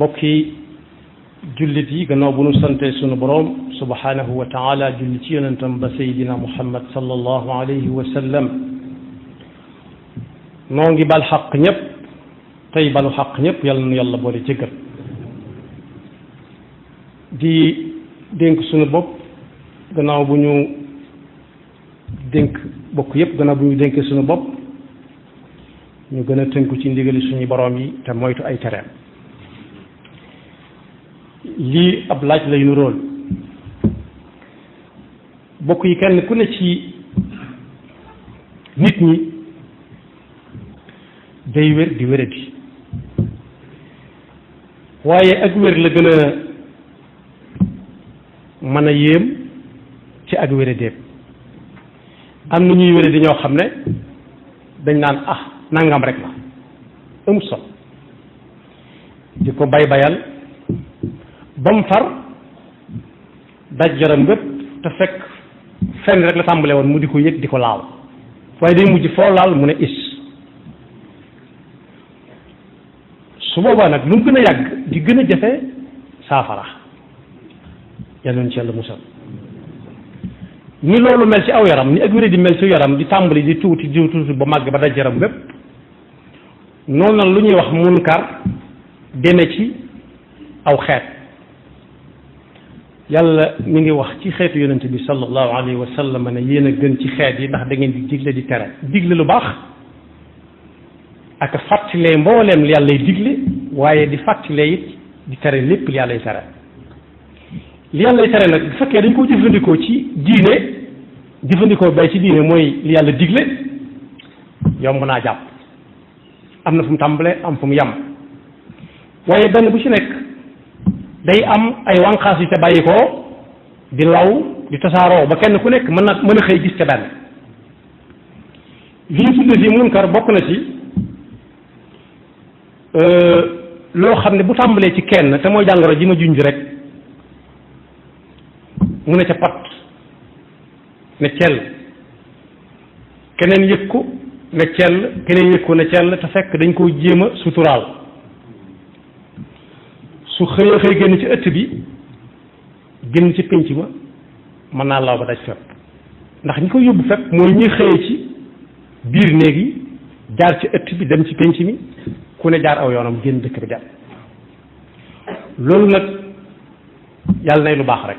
bokki jullit yi gannaaw bu nu sante sunu boroom subhanahu wa taala julli ci yonentam ba sayidina muhammad sallallahu alayhi wa sallam noo ngi bal xaq ñëpp tey balu xaq ñépp yàlla nu yàlla boole jëggal di dénk sunu bopp gannaaw bu ñu dénk bokk yëpp gannaaw bu ñu dénkee sunu bopp ñu gën a tënku ci ndigali suñu boroom yi te moytu ay tereem lii ab laaj lay nu róol bokk yi kenn ku ne ci nit ñi day wér di wéradi waaye ak wér la gën a mën a yéem ci ak wéradéem am na ñuy wéradi ñoo xam ne dañ naan ah nangam rek la amul solo di ko bay bayal ba mu far daj yaram bépp te fekk fenn rek la tàmbale woon mu di ko yëg di ko laal waaye day mujj foo laal mu ne is su boobaa nag lu mu gën a yàgg di gën a jafe saafara yal nañu ci yàlla musal ni loolu mel ci aw yaram ni ak wéré di mel ci yaram di tàmbali di tuuti di tuuti ba màgg ba daj yaram bépp noonu nag lu ñuy wax munkar deme ci aw xeet yàlla mu ngi wax ci xeetu yonent bi sallallahu alayhi wa sallam ne yéen a gën ci xeet yi ndax da ngeen di digle di tere digle lu baax ak fàttalee mbooleem yàllay digle waaye di fàttalee it di tere lépp yàllay tere li yàllay tere nag bu fekkee dañ ko jëfandikoo ci diine jëfandikoo bay ci diine mooy li yàlla digle yomb naa jàpp am na fu mu tàmbalee am fu mu yem waaye benn bu ci nekk day am ay wànqaas yu ca bàyyi ko di law di tasaaroo ba kenn ku nekk mën na mën a xëy gis ca benn li ñu tuddee fii munkar bokk na ci euh, loo xam ne bu tàmbalee ci kenn te mooy jàngoro ji ma junj rek mu ne ca pat ne cell keneen yëg ko ne cell keneen yëg ko ne cell te fekk dañ koo jéem a suturaal su xëyee xëy génn ci ëtt bi génn ci pénc ma mën naa law ba daj fépp ndax ñi ko yóbbu fépp mooy ñi xëyee ci biir néeg jaar ci ëtt bi dem ci pénc mi ku ne jaar aw yoonam génn dëkk bi dem loolu nag yàlla nay lu baax rek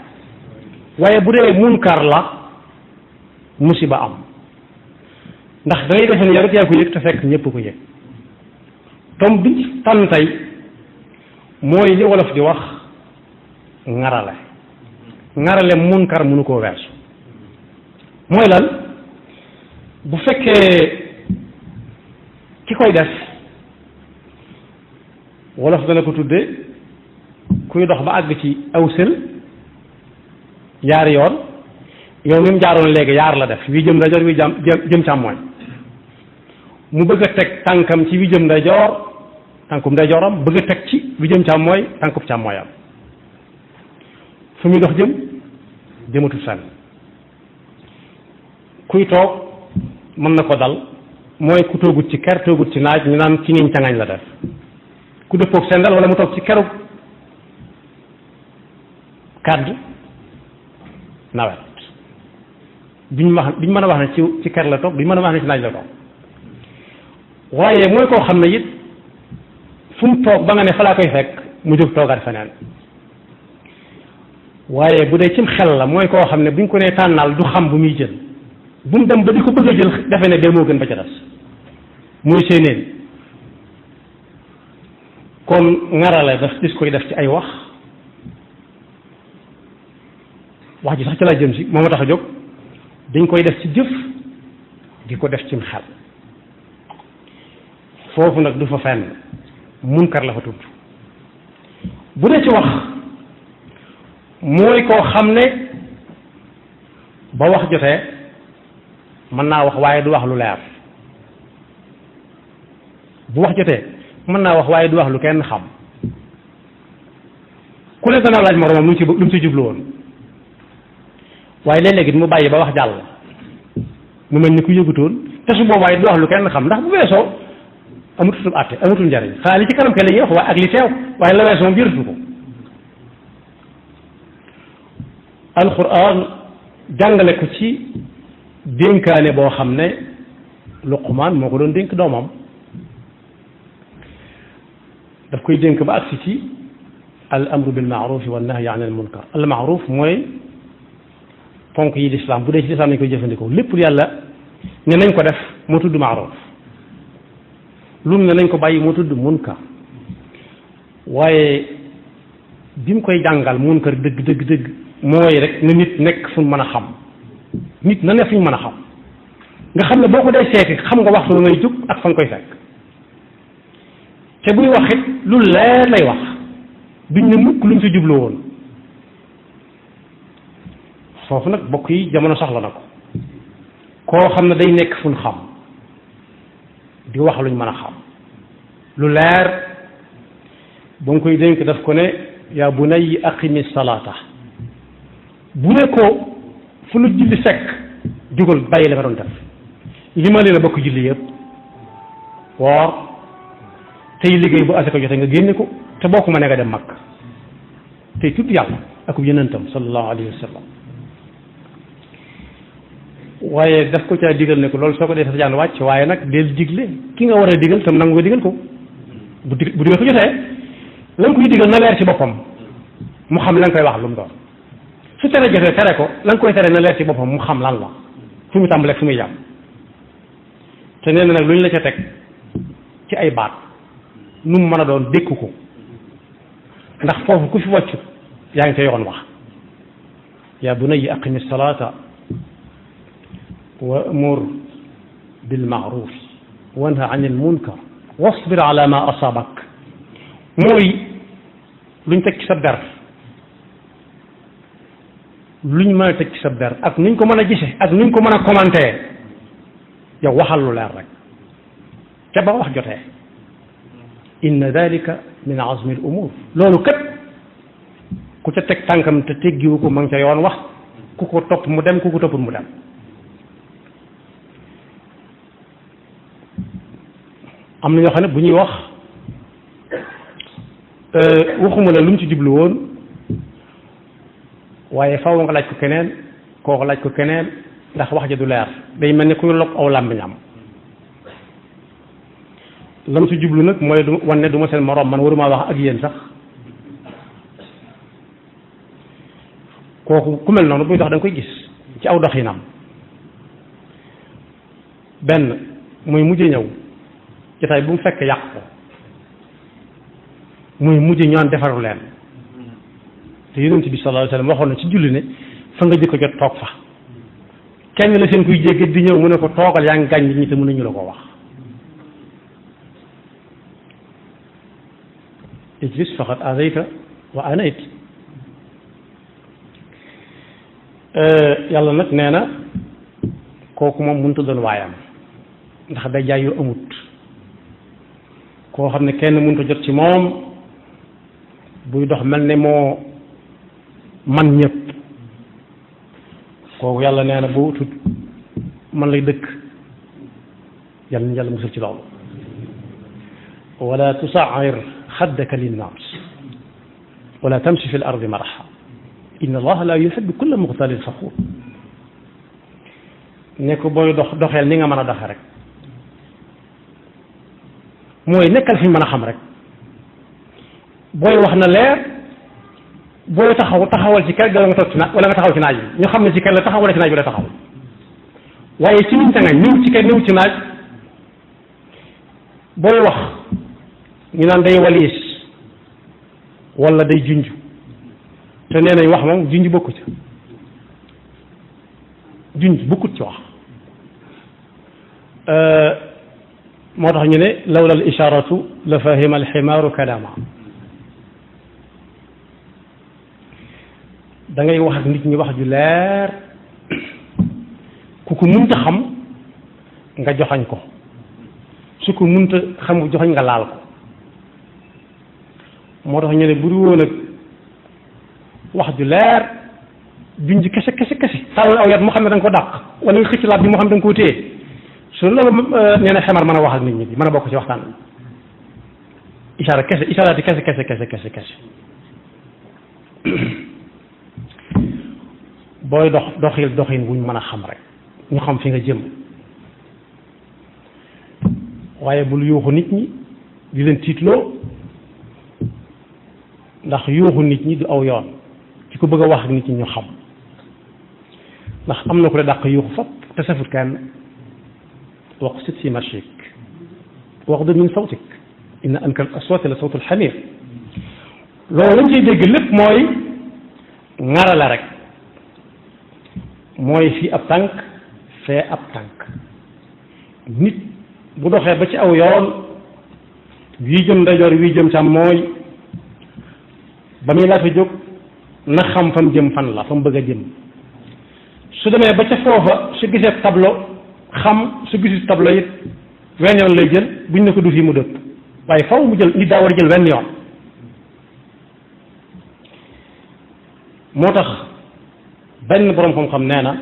waaye bu dee kaar la musiba am ndax da ngay defe ne yow yaa ko yëg te fekk ñëpp ko yëg tom bi tànn tey mooy li wolof di wax ŋarale ŋarale munkar mënu koo weesu mooy lan bu fekkee ki koy def wolof dana ko tudde kuy dox ba àgg ci aw sël yaari yoon yow mi jaaroon léegi yaar la def wi jëm ndajoor wi jam jëm càmmooñ mu bëgg a teg tànkam ci wi jëm ndajoor tànkum ndajooram bëgg a teg ci lu jëm càmmooy tànkub càmmooyam fu muy dox jëm jëmatul sànni kuy toog mën na ko dal mooy ku toogut ci ker toogut ci naaj ñu naan ci ngiñ cangañ la def ku dëppoog sendal wala mu toog ci kerub kàdd nawet duñ wax duñ mën a wax ne ci ci ker la toog duñ mën a wax ne ci naaj la toog waaye mooy koo xam ne it fu toog ba nga ne fa laa koy fekk mu jóg toogaat feneen waaye bu dee cim xel la mooy koo xam ne buñ ko nee tànnal du xam bu muy jël bu mu dem ba di ko bëgg a jël defe ne bee moo gën ba ca des muy séeneen comme ngarale daf gis koy def ci ay wax wax ji sax ci laa jëm si moo ma tax jóg dañ koy def ci jëf di ko def cim xel foofu nag du fa fenn munkar la fa tudd bu dee ci wax mooy koo xam ne ba wax jotee mën naa wax waaye du wax lu leer bu wax jotee mën naa wax waaye du wax lu kenn xam ku ne dana laaj moroomam lu mu ci lu mu ci jublu woon waaye léeg-léeg mu bàyyi ba wax jàll mu mel ni ku yëgutoon te su boobaa du wax lu kenn xam ndax bu weesoo amatul atte amatul njariñ xanaa li ci kanam kay la ñuy wax waaye ak teew waaye la weesu moom jërëtu ko alquran jàngale ko ci dénkaane boo xam ne luqumaan moo ko doon dénk doomam daf koy dénk ba agsi ci al amru bil maaruf wa nahyi an al munkar al maaruf mooy ponk yi lislaam bu dee ci lislaam nañ koy jëfandikoo lépp yàlla ne nañ ko def moo tudd maaruf lun nga nañ ko bàyyi mu tudd ka waaye bi mu koy jàngal mun munkar dëgg dëgg dëgg mooy rek na nit nekk fu mën a xam nit na ne fu mën a xam nga xam ne boo ko dee seeti xam nga waxtu may jóg ak fa koy fekk te buy wax it wax duñ ne mukk ci jublu woon foofu nag bokk yi jamono soxla na ko koo xam ne day nekk fu ñu xam di wax luñ mën a xam lu leer ba mu koy dénk daf ko ne yaa bunayya aqimi salaata bu ne ko fu lu julli fekk jugal bàyyi la nga doon def li ma leen bokk julli yëpp woor tey liggéey bu asaka jote nga génne ko te boo ko ne nga dem mag tey tudd yàlla ak yenentam sallallahu alayhi wa sallam waaye daf ko caa digal ne ko loolu soo ko defee sa jaan wàcc waaye nag del digle ki nga war a digal tam nangu nga digal ko bu dig bu digal ko jotee la koy digal na leer ci boppam mu xam la nga koy wax lu mu doon su tere jotee tere ko la koy tere na leer ci boppam mu xam lan la fu mu tàmbalee fu muy jàmm te nee na nag lu ñu la ca teg ci ay baat nu mu mën a doon dékku ko ndax foofu ku fi wàccut yaa ngi ca yoon wax yaa bunayya aqimi salaata wa'mur bil ma'ruf wanha anil munkar wasbir ala ma asabak mooy luñ teg ci sa der luñ mën a teg ci sa der ak nuñ ko mën a gise ak nuñ ko mën a commenté yow waxal lu leer rek ca ba wax jotee inna dalika min azmi al ku tànkam te teggiwu ko ma ngi ca yoon ku ko top mu dem ku ko toppul mu dem am na ñoo xam ne bu ñuy wax euh, waxuma la lu mu ci jublu woon waaye faaw nga laaj ko keneen kooku laaj ko keneen ndax wax ja du leer day mel ne kuy log aw làmmiñam lam si jublu nag mooy du wan ne du ma seen morom man waruma wax ak yéen sax kooku ku mel noonu buy dox da koy gis ci aw dox doxinam benn mooy mujj ñëw jotaay bu mu fekk yàq ko muy mujj ñaan defaru leen te yonent bi sallallahu alayhi waxoon na ci julli ne fa nga jëkk jot toog fa kenn la seen kuy jéggi di ñëw mu ne ko toogal yaa ngi gàññ ñi te mënuñu la ko wax ijlis faqad euh, yàlla nag nee na kooku moom mënut a doon waayam ndax day jaay yu amut koo xam ne kenn mënut a jot ci moom buy dox mel ne moo man ñëpp kooku yàlla nee na bu tut man lay dëkk yàlla nañu yàlla musal ci loolu wala tusair xaddaka linnaas wala tamshi fi l ardi maraxa inna allaha la yuhibbu kulla muxtalin faxuur ne ko booy dox doxeel ni nga mën a doxe rek mooy nekkal fi mën a xam rek booy wax na leer booy taxaw taxawal ci kër ga nga toog ci naaj wala nga taxaw ci naaj bi ñu xam ne ci kër la taxaw wala ci naaj bi la taxaw waaye ci niñ tanga niw ci kër niw ci naaj booy wax ñu naan day waliis wala day junj te nee nañ wax moom junj bokku ca junj bokkut ci wax euh, moo tax ñu ne lawla al isharatu la fahima al ximaaru kalaama da wax ak nit ñi wax ju leer ku ko munta xam nga joxañ ko su ko munta xam nga joxañ nga laal ko moo tax ñu ne bu ak wax ju leer junj kese kese kese tàllal aw yat mu xam ne da ko dàq wala nga xëcc laat bi mu xam ne da nga koo téye su loolu euh, nee na xemar mën a wax ak nit ñi mën a bokk ci waxtaan bi isaara kese isaaraati kese kese kese booy dox doxil doxin wuñ mën a xam rek ñu xam fi nga jëm waaye bul yuuxu nit ñi di leen tiitloo ndax yuuxu nit ñi du aw yoon ci ko bëgg a wax ak nit ñi ñu xam ndax am na ku la daq yuuxu fop te safut kenn واقصد في مشيك واغضب من صوتك إن أنكر الأصوات لصوت الحمير loolu lañ ciy dégg lépp mooy ŋara la rek mooy fii ab tànk fee ab tànk nit bu doxee ba ci aw yoon yu jëm ndeyjoor wii jëm càmmooñ ba muy laata jóg na xam fa mu jëm fan la fa mu bëgg a jëm su demee ba ca foofa su gisee tableau xam su gisul tableau it wenn yoon lay jël buñ ne ko du yi mu dëpp waaye foofu mu jël nit daa war a jël wenn yoon moo tax benn boroom xam-xam nee na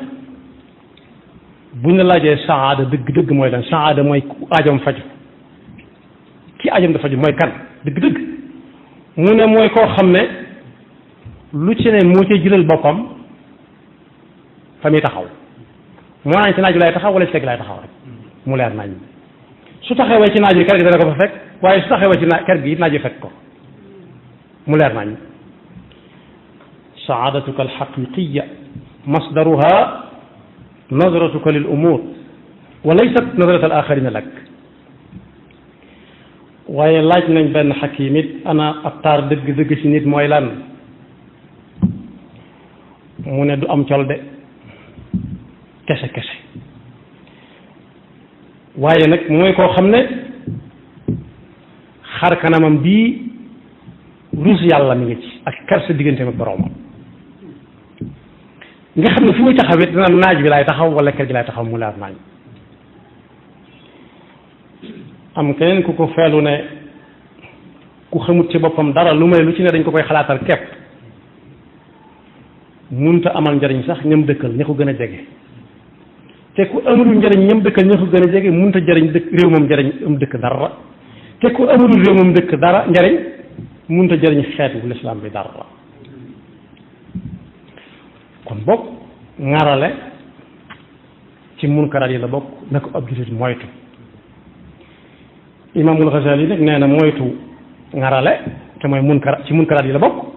buñ la laajee saada dëgg-dëgg mooy lan saada mooy ajoom faju kii ajam da faju mooy kan dëgg-dëgg mu ne mooy koo xam ne lu ci moo cay jëlal boppam fa muy taxaw moo naan ci naaj bi laay taxaw wala ci teg laay taxaw rek mu leer naaj bi su taxawee ci naaj bi kër gi dana ko fa fekk waaye su taxawee ci naaj kër gi it naaj bi fekk ko mu leer naaj bi saadatuka alxaqiqiya masdaruha nadratuka lil umur wa laysat nadrat al axarina lak waaye laaj nañ benn xakim it ana ab taar dëgg-dëgg ci nit mooy lan mu ne du am col de kese kese waaye nag mooy koo xam ne xar kanamam bii rus yàlla mi ngi ci ak kersa diggante ak boroomam nga xam ne fu muy taxaw it naaj bi laay taxaw wala kër gi laay taxaw mu leer naaj am keneen ku ko feelu ne ku xamut ci boppam dara lu may lu ci ne dañ ko koy xalaatal kepp munta amal njariñ sax ñam dëkkal ña ko gën a jege te ku amulul njëriñ ñam dëkkal ñoo ko gën a jege mënut a jëriñ dëkk réew moom njëriñ am dëkk dara te ko amulul réew moom dëkk dara njëriñ mënut a jëriñ xeet wu lislaam bi dara kon bokk ŋarale ci munkaraat yi la bokk na ko ab jullit moytu imaamul Xasaali nag nee na moytu ŋarale te mooy munkara ci munkaraat yi la bokk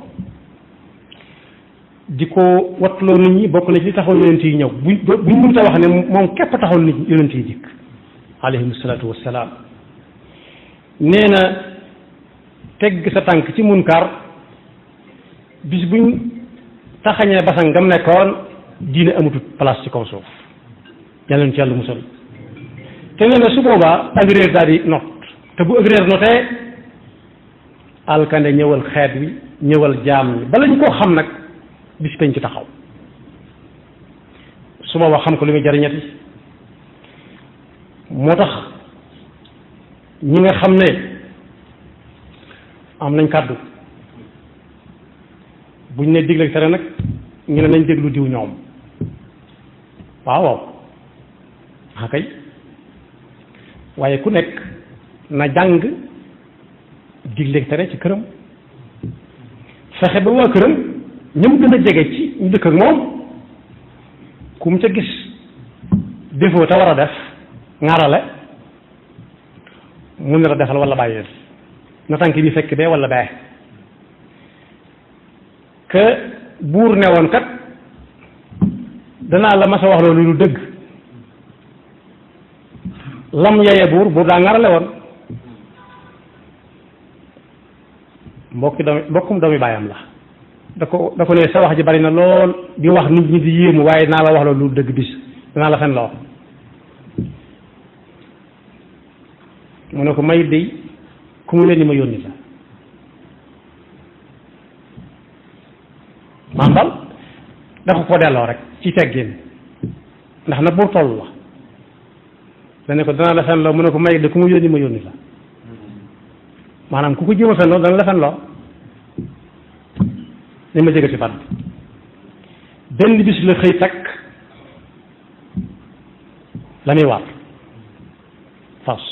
di ko wattuloo nit ñi bokk na ci taxaw yonent yi ñëw buñ buñ mën ta wax ne moom képp taxawal nit ñi yonent yi dikk alayhim salaatu wassalaam nee na tegg sa tànk ci munkar bis buñ taxañee basan ngam nekkoon diine amatut place ci kaw soof yàlla na ci yàlla musal te nee su boobaa ak daal di not te bu ak notee alkande ñëwal xeet wi ñëwal jaam ñi bala koo xam nag bis penc taxaw suba wax xam ko lu muy jariñati moo tax ñi nga xam ne am nañ kàddu buñ ne digle ak tere nag ñu ne nañ déglu diw ñoom waaw waaw ah, waaye ku nekk na jàng digle tere ci këram fexe ba waa këram ñi mu jege ci ñu dëkk moom ku mu ca gis defoo te war a def ŋarale mu ne la defal wala bàyyil na tànk bi fekk bee wala bee que buur ne woon kat danaa la mas a wax loolu lu dëgg lam yeye buur buur daa ŋarale woon mbokki doomi mbokkum doomi bàyyam la da ko da ko ne sa wax ji bari na lool di wax nit ñi di yéemu waaye naa la wax loolu lu dëgg bis danaa la fen la wax mu ne ko may day ku mu leen ni ma yónni la maam rek ci teggin ndax na buur toll la dana ko loo mu ne ko may day ku mu yónni la maanaam ku ko jéem fen loo dana la fen loo nañ ma jege si baat bi benn bis la xëy takk la muy waat fas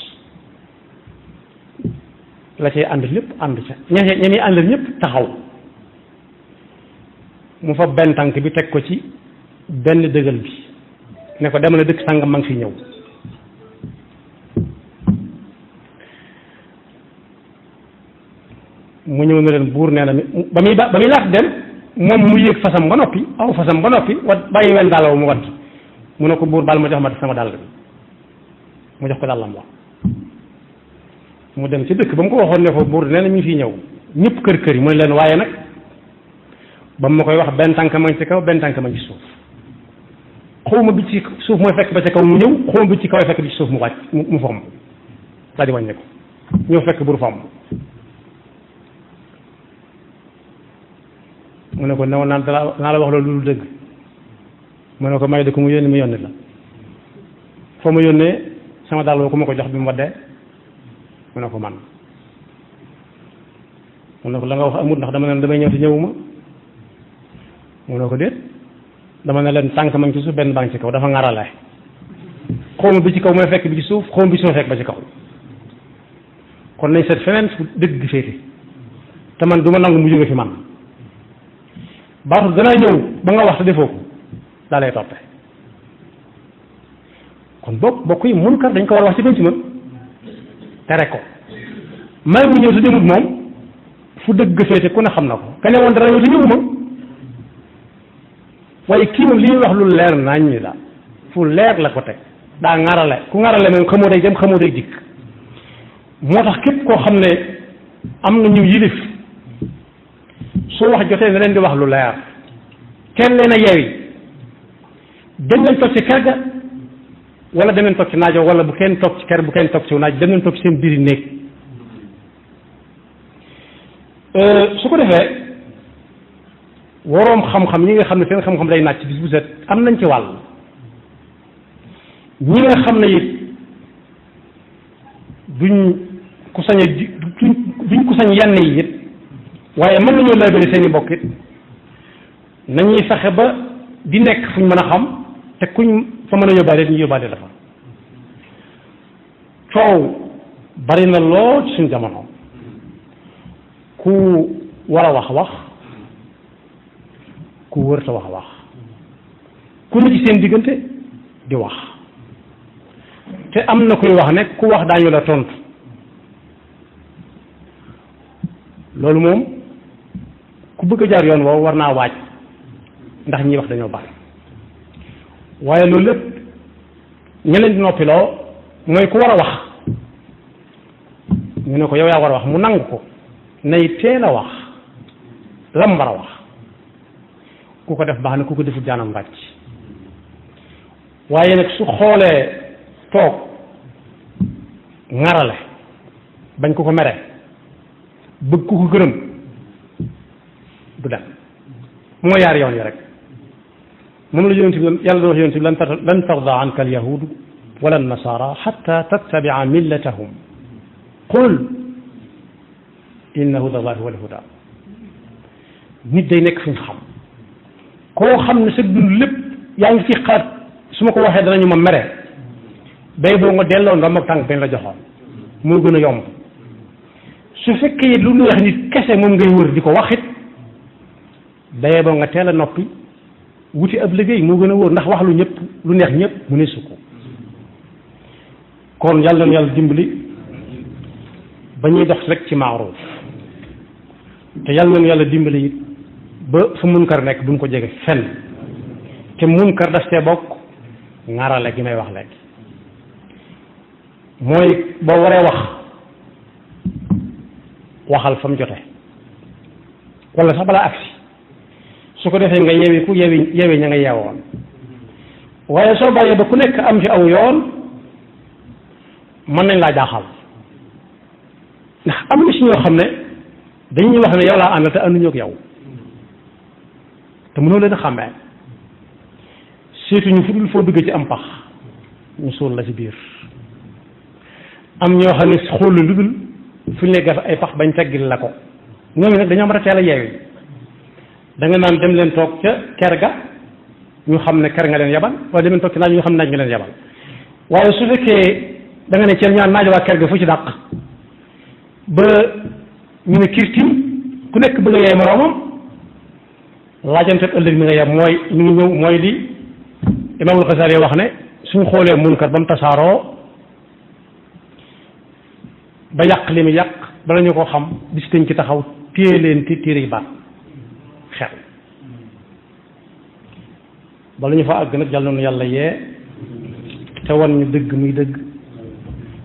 la cay ànd lépp ànd ca ña àndal ñëpp taxaw mu fa benn tànk bi teg ko ci benn dëgal bi ne ko demal dëkk sàngam maa fi ñëw mu ñëw na leen buur nee na ba muy ba muy laata dem moom mu yéeg fasam ba noppi aw fasam ba noppi wa bàyyi wenn dàll mu wadd mu ne ko buur bal ma jox ma sama dàll bi mu jox ko dàllam wax mu dem ci dëkk ba mu ko waxoon ne ko buur nee na mi ngi ñëw ñëpp kër kër yi mu ne leen waaye nag ba mu ma koy wax benn tànk ma ci kaw benn tànk ma ci suuf xawma bi ci suuf mooy fekk ba ci kaw mu ñëw xawma bi ci kaw fekk bi ci suuf mu wàcc mu fomm daal di wàññeeku ñëw fekk buur mu ne ko newoon naan naa la wax loolu lu dëgg mu ne ko may de ku mu yónni mu yónni la fa mu yónnee sama dàll boo ku ma ko jox bi mu waddee mu ne ko man mu na ko la nga wax amut ndax dama ne damay ñëw te ñëwuma mu ne ko déet dama ne leen tànk ma ci suuf benn baa ngi ci kaw dafa ŋarale xoom bi ci kaw mooy fekk bi ci suuf xoom bi ci suuf fekk ba ci kaw kon nañ seet feneen fu dëgg féete te man du ma nangu mu jóge fi man baaxul gën a ñëw ba nga wax te defoo ko daa lay toppe kon bokk bokk yi munkar dañ ko war a wax ci penc ma tere ko may bu ñëw te demut moom fu dëgg féete ku ne xam na ko ka woon dara ñëw te ñëwuma waaye kii moom li ñuy wax lu leer nañ ñi la fu leer la ko teg daa ŋarale ku ŋarale moom xamoo day dem xamoo day dikk moo tax képp koo xam ne am na ñu yilif su wax jotee na leen di wax lu leer teel leen a yeewi dem leen toog ci kër ga wala dem leen toog ci naajo wala bu kenn toog ci kër bu kenn toog ci naaj dem leen toog ci seen biir néeg euh, su ko defee waroom xam-xam ñi nga xam ne seen xam-xam day naaj ci bis bu set am nañ ci wàll ñi nga xam ne it duñ ku sañ duñ ku sañ yenn yi it waaye mën nañoo laabiri seen i bokk it nañuy fexe ba di nekk fuñ mën a xam te kuñ fa mën a yóbbaale ñu yóbbaale dafa coow bari na lool ci suñ jamono ku war a wax wax ku wërta wax wax ku ne seen diggante di wax te am na koy wax nekk ku wax daañu la tontu loolu moom ku bëgg a jaar yoon woowu war naa waaj ndax ñi wax dañoo bari waaye loolu lépp ñeneen di noppiloo mooy ku war a wax ñu ne ko yow yaa war a wax mu nangu ko nay teel wax lam war a wax ku ko def baax na ku ko defut jaanam wàcc waaye nag su xoolee toog ŋarale bañ ko ko mere bëgg ku ko gërëm du dem moo yaar yoon yi rek moom la yonent bi yàlla doon wax yonent bi lan lan tarda anka al yahudu wala an nasara xatta tattabia millatahum qul inna huda allahi wal day nekk fi nga xam koo xam ne sa dund lépp yaa ngi ci xalaat su ma ko waxee danañu ma mere bay boo nga delloo ndam ak tànk bañ la joxoon gën a yomb su fekkee lu ñu wax kese moom ngay wër di ko wax daye boo nga teel a noppi wuti ab liggéey moo gën a wóor ndax wax lu ñëpp lu neex ñëpp mu ne sukk kon yàlla na yàlla dimbali ba ñuy dox ci maaruuf te yàlla dimbali it ba fu munkar nekk buñ ko jege fenn te munkar daf cee bokk ŋarale gi may wax léegi mooy boo waree wax waxal fa jote wala sax balaa agsi su ko defee nga yewi ku yewi yewi ña nga yeewoon waaye soo bàyyee ba ku nekk am ci aw yoon mën nañ laa jaaxal ndax am na si ñoo xam ne dañuy wax ne yow laa àndal te ànduñoo ak yow te mënoo leen a xàmmee seetuñu fu dul foo dugg ci am pax ñu suul la ci biir am ñoo xam ne xool lu dul fu ñu lay gas ay pax bañ teggil la ko ñooñu nag dañoo mën a teel a yeewi da nga naan dem leen toog ca ker ga ñu xam ne ker nga leen yabal wala dem leen toog ci naaj ñu xam ne naaj nga leen yabal waaye su fekkee da nga ne ceen ñaan naaj waa ker ga fu ci dàq ba ñu ne kirtim ku nekk bëgg a yaay moroomam laajante ëllëg mi nga yem mooy ñu ñëw mooy lii imaamul Xasaali wax ne suñ xoolee munkar ba mu tasaaroo ba yàq li mu yàq bala ñu ko xam bis ci taxaw téye leen ti téere baat xel bala ñu fa àgg nag jàll nañu yàlla yee te wan ñu dëgg muy dëgg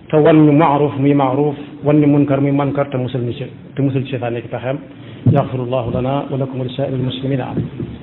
te wan ñu maaruf muy maaruf wan ñu munkar muy mankar te musal ñu ci te musal ci seytaane ki pexeem yaxfirullahu lana wa lakum wa li saa'iril muslimina amin